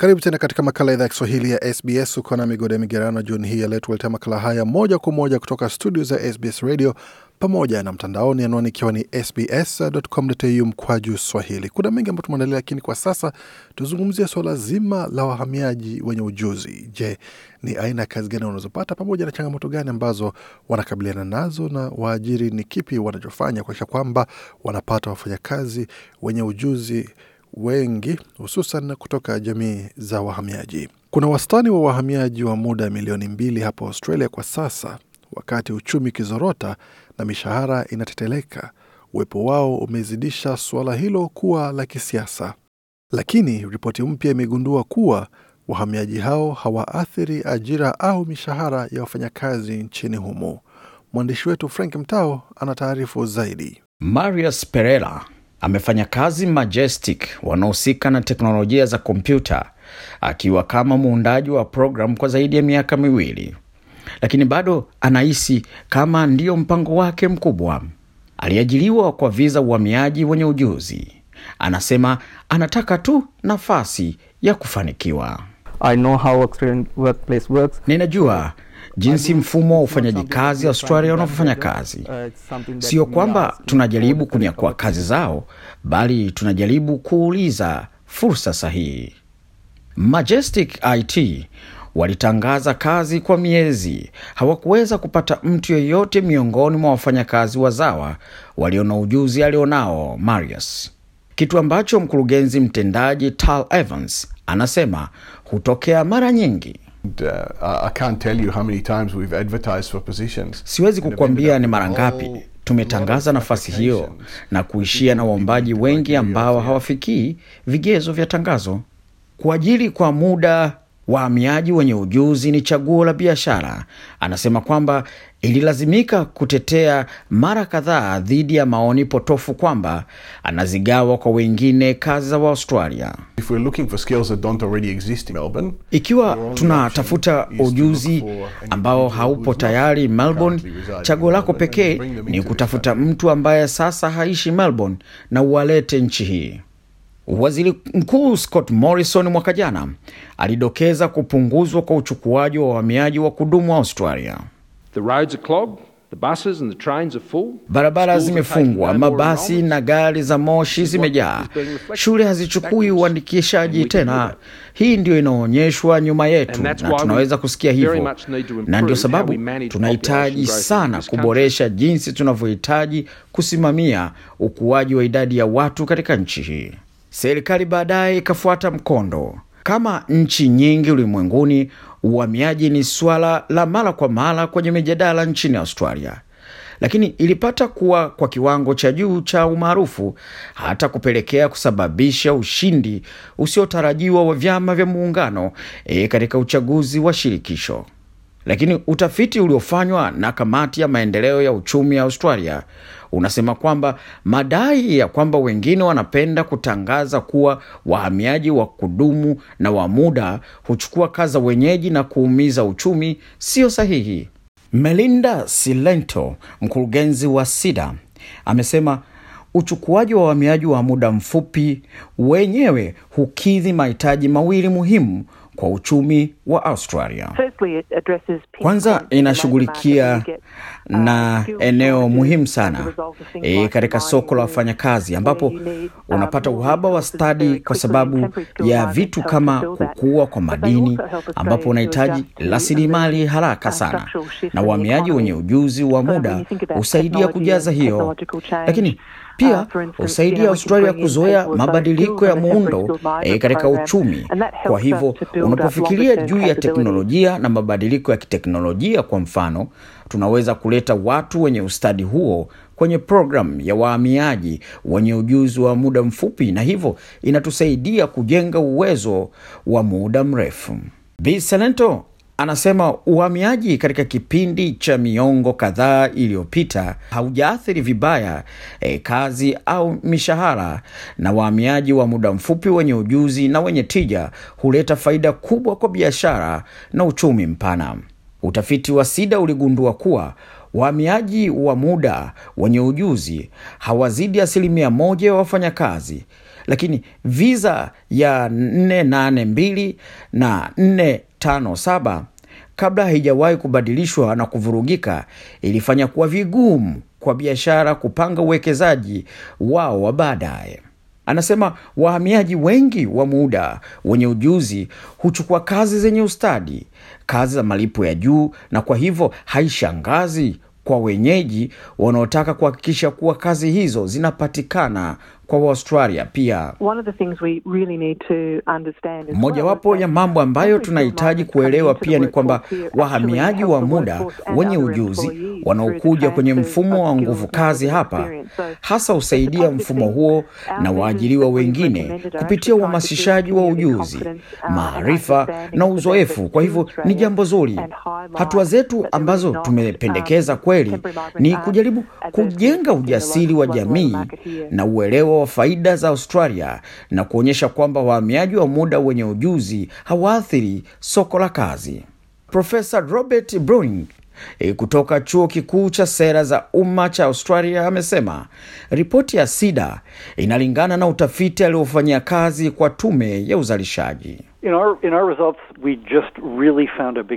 Karibu tena katika makala idhaa ya Kiswahili ya SBS. Uko na migode migerano, jioni hii ya leo makala haya moja kwa moja kutoka studio za SBS radio pamoja na mtandaoni, anwani ikiwa ni sbs.com.au mkwaju swahili. Kuna mengi ambayo tumeandalia, lakini kwa sasa tuzungumzia suala zima la wahamiaji wenye ujuzi. Je, ni aina ya kazi gani wanazopata pamoja na changamoto gani ambazo wanakabiliana nazo, na waajiri ni kipi wanachofanya kuakisha kwamba wanapata wafanyakazi wenye ujuzi wengi hususan kutoka jamii za wahamiaji. Kuna wastani wa wahamiaji wa muda milioni mbili hapa Australia kwa sasa, wakati uchumi ukizorota na mishahara inateteleka. Uwepo wao umezidisha suala hilo kuwa la kisiasa, lakini ripoti mpya imegundua kuwa wahamiaji hao hawaathiri ajira au mishahara ya wafanyakazi nchini humo. Mwandishi wetu Frank Mtao taarifu zaidi. Marius Perera amefanya kazi Majestic wanaohusika na teknolojia za kompyuta akiwa kama muundaji wa programu kwa zaidi ya miaka miwili, lakini bado anahisi kama ndiyo mpango wake mkubwa. Aliajiliwa kwa viza uhamiaji wenye ujuzi. Anasema anataka tu nafasi ya kufanikiwa. I know how Australian workplace works. Ninajua jinsi mfumo wa ufanyaji kazi Australia unavyofanya kazi. Uh, Sio kwamba tunajaribu kunyakua kazi zao, bali tunajaribu kuuliza fursa sahihi. Majestic IT walitangaza kazi kwa miezi, hawakuweza kupata mtu yeyote miongoni mwa wafanyakazi wazawa walio na ujuzi alionao Marius, kitu ambacho mkurugenzi mtendaji Tal Evans Anasema hutokea mara nyingi. Uh, Siwezi kukuambia ni mara ngapi oh, tumetangaza nafasi hiyo na kuishia na waombaji wengi ambao hawafikii vigezo vya tangazo kuajiri kwa muda wahamiaji wenye ujuzi ni chaguo la biashara. Anasema kwamba ililazimika kutetea mara kadhaa dhidi ya maoni potofu kwamba anazigawa kwa wengine kazi za Waustralia. Ikiwa tunatafuta ujuzi ambao haupo tayari Melbourne, chaguo lako pekee ni kutafuta mtu ambaye sasa haishi Melbourne na uwalete nchi hii. Waziri Mkuu Scott Morrison mwaka jana alidokeza kupunguzwa kwa uchukuaji wa wahamiaji wa kudumu Australia. The roads are clogged. The buses and the trains are full. Barabara zimefungwa, mabasi na gari za moshi zimejaa, shule hazichukui uandikishaji tena. Hii ndiyo inaonyeshwa nyuma yetu, na tunaweza kusikia hivyo, na ndio sababu tunahitaji sana kuboresha jinsi tunavyohitaji kusimamia ukuaji wa idadi ya watu katika nchi hii. Serikali baadaye ikafuata mkondo. Kama nchi nyingi ulimwenguni, uhamiaji ni suala la mara kwa mara kwenye mijadala nchini Australia, lakini ilipata kuwa kwa kiwango cha juu cha umaarufu hata kupelekea kusababisha ushindi usiotarajiwa wa vyama vya muungano e, katika uchaguzi wa shirikisho. Lakini utafiti uliofanywa na kamati ya maendeleo ya uchumi ya Australia unasema kwamba madai ya kwamba wengine wanapenda kutangaza kuwa wahamiaji wa kudumu na wa muda huchukua kaza wenyeji na kuumiza uchumi sio sahihi. Melinda Silento, mkurugenzi wa SIDA, amesema uchukuaji wa wahamiaji wa muda mfupi wenyewe hukidhi mahitaji mawili muhimu kwa uchumi wa Australia. Kwanza inashughulikia uh, na eneo muhimu sana e, katika soko la wafanyakazi ambapo uh, unapata uhaba wa stadi kwa sababu ya vitu kama kukua kwa madini, ambapo unahitaji rasilimali uh, haraka sana, na uhamiaji wenye ujuzi wa muda husaidia kujaza hiyo, lakini pia husaidia Australia kuzoea mabadiliko ya muundo e, katika uchumi. Kwa hivyo Unapofikiria juu ya teknolojia na mabadiliko ya kiteknolojia, kwa mfano, tunaweza kuleta watu wenye ustadi huo kwenye programu ya wahamiaji wenye ujuzi wa muda mfupi, na hivyo inatusaidia kujenga uwezo wa muda mrefu. bisalento Anasema uhamiaji katika kipindi cha miongo kadhaa iliyopita haujaathiri vibaya e, kazi au mishahara, na wahamiaji wa muda mfupi wenye ujuzi na wenye tija huleta faida kubwa kwa biashara na uchumi mpana. Utafiti wa SIDA uligundua kuwa wahamiaji wa muda wenye ujuzi hawazidi asilimia moja ya wafanyakazi, lakini viza ya 482 na 4 57 kabla haijawahi kubadilishwa na kuvurugika, ilifanya kuwa vigumu kwa biashara kupanga uwekezaji wao wa baadaye. Anasema wahamiaji wengi wa muda wenye ujuzi huchukua kazi zenye ustadi, kazi za malipo ya juu, na kwa hivyo haishangazi kwa wenyeji wanaotaka kuhakikisha kuwa kazi hizo zinapatikana kwa Waustralia pia. Mojawapo ya mambo ambayo tunahitaji kuelewa pia ni kwamba wahamiaji wa muda wenye ujuzi wanaokuja kwenye mfumo wa nguvu kazi hapa hasa husaidia mfumo huo na waajiriwa wengine kupitia uhamasishaji wa ujuzi, um, maarifa na uzoefu. Kwa hivyo ni jambo zuri. Hatua zetu ambazo tumependekeza um, kweli ni kujaribu kujenga ujasiri wa jamii na uelewa wa faida za Australia na kuonyesha kwamba wahamiaji wa muda wenye ujuzi hawaathiri soko la kazi. Profesa Robert Browning e, kutoka chuo kikuu cha sera za umma cha Australia amesema ripoti ya SIDA inalingana na utafiti aliofanyia kazi kwa tume ya uzalishaji. Really,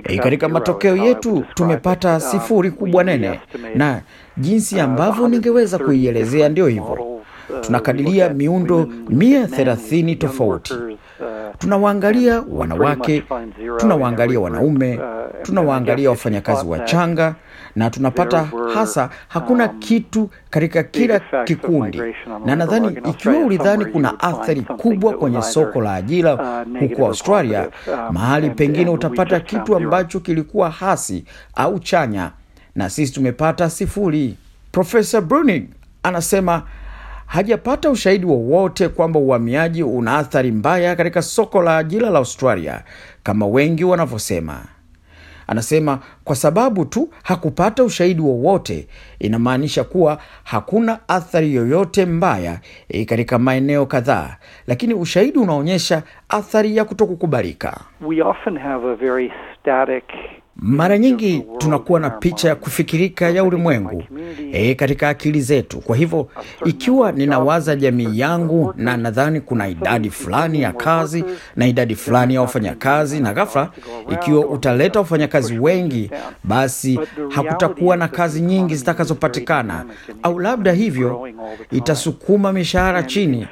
e, katika matokeo yetu tumepata um, sifuri kubwa nene, na jinsi ambavyo ningeweza kuielezea ndiyo hivyo Tunakadiria miundo mia thelathini tofauti. Tunawaangalia wanawake, tunawaangalia wanaume, tunawaangalia wafanyakazi wachanga, na tunapata hasa hakuna kitu katika kila kikundi. Na nadhani ikiwa ulidhani kuna athari kubwa kwenye soko la ajira huko Australia, mahali pengine utapata kitu ambacho kilikuwa hasi au chanya, na sisi tumepata sifuri. Profesa Bruning anasema hajapata ushahidi wowote kwamba uhamiaji una athari mbaya katika soko la ajira la Australia kama wengi wanavyosema. Anasema kwa sababu tu hakupata ushahidi wowote, inamaanisha kuwa hakuna athari yoyote mbaya e, katika maeneo kadhaa, lakini ushahidi unaonyesha athari ya kutokukubalika. We often have a very static mara nyingi tunakuwa na picha ya kufikirika ya ulimwengu e, katika akili zetu. Kwa hivyo ikiwa ninawaza jamii yangu na nadhani kuna idadi fulani ya kazi na idadi fulani ya wafanyakazi, na ghafla ikiwa utaleta wafanyakazi wengi, basi hakutakuwa na kazi nyingi zitakazopatikana, au labda hivyo itasukuma mishahara chini.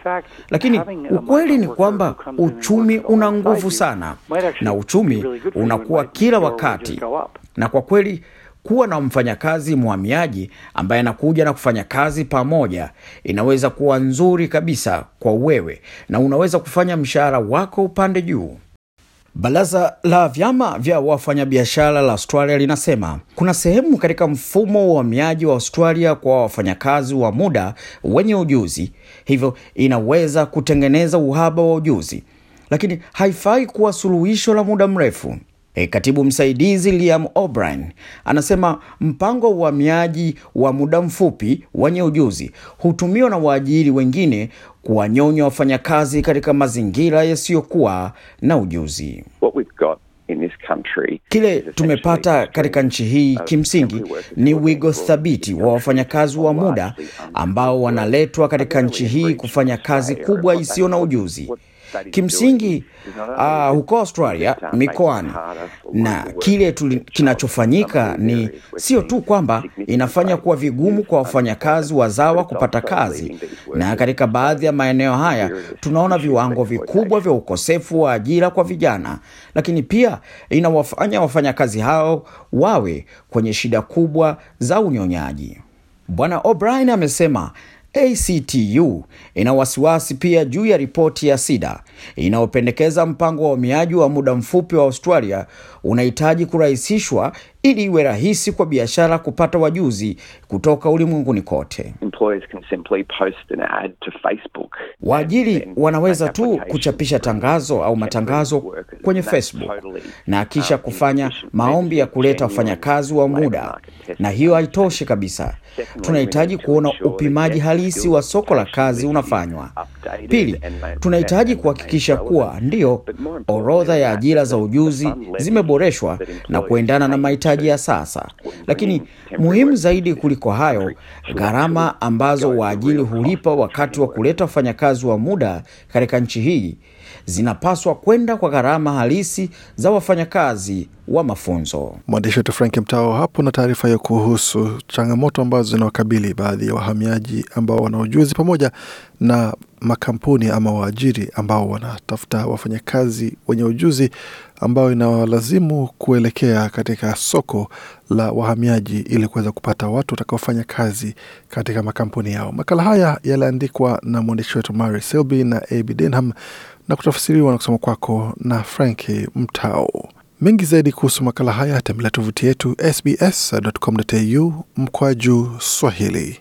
Lakini ukweli ni kwamba uchumi una nguvu sana na uchumi unakuwa kila wakati na kwa kweli kuwa na mfanyakazi mhamiaji ambaye anakuja na kufanya kazi pamoja inaweza kuwa nzuri kabisa kwa wewe na unaweza kufanya mshahara wako upande juu. Baraza la vyama vya wafanyabiashara la Australia linasema kuna sehemu katika mfumo wa uhamiaji wa Australia kwa wafanyakazi wa muda wenye ujuzi, hivyo inaweza kutengeneza uhaba wa ujuzi, lakini haifai kuwa suluhisho la muda mrefu. E, katibu msaidizi Liam O'Brien anasema mpango wa uhamiaji wa muda mfupi wenye ujuzi hutumiwa na waajiri wengine kuwanyonya wafanyakazi katika mazingira yasiyokuwa na ujuzi. What we've got Kile tumepata katika nchi hii kimsingi ni wigo thabiti wa wafanyakazi wa muda ambao wanaletwa katika nchi hii kufanya kazi kubwa isiyo na ujuzi kimsingi uh, huko Australia mikoani, na kile kinachofanyika ni sio tu kwamba inafanya kuwa vigumu kwa wafanyakazi wazawa kupata kazi, na katika baadhi ya maeneo haya tunaona viwango vikubwa vya ukosefu wa ajira kwa vijana, lakini pia inawafanya wafanyakazi hao wawe kwenye shida kubwa za unyonyaji. Bwana O'Brien amesema ACTU ina wasiwasi pia juu ya ripoti ya SIDA inayopendekeza mpango wa uhamiaji wa muda mfupi wa Australia unahitaji kurahisishwa ili iwe rahisi kwa biashara kupata wajuzi kutoka ulimwenguni kote. Waajiri wanaweza tu kuchapisha tangazo au matangazo kwenye Facebook na kisha um, kufanya maombi ya kuleta wafanyakazi wa muda, na hiyo haitoshi kabisa. Tunahitaji kuona upimaji halisi wa soko la kazi unafanywa. Pili, tunahitaji kuhakikisha kuwa ndio orodha ya ajira za ujuzi zimeboreshwa na kuendana na mahitaji mahitaji ya sasa. Lakini muhimu zaidi kuliko hayo, gharama ambazo waajili hulipa wakati wa kuleta wafanyakazi wa muda katika nchi hii zinapaswa kwenda kwa gharama halisi za wafanyakazi wa mafunzo. Mwandishi wetu Frank Mtao hapo na taarifa hiyo kuhusu changamoto ambazo zinawakabili baadhi ya wahamiaji ambao wana ujuzi pamoja na makampuni ama waajiri ambao wanatafuta wafanyakazi wenye ujuzi ambao inawalazimu kuelekea katika soko la wahamiaji ili kuweza kupata watu watakaofanya kazi katika makampuni yao. Makala haya yaliandikwa na mwandishi wetu Mary Selby na Ab Denham na kutafsiriwa na kusoma kwako na frank Mtao. Mengi zaidi kuhusu makala haya tembelea tovuti yetu sbs.com.au mkwaju Swahili.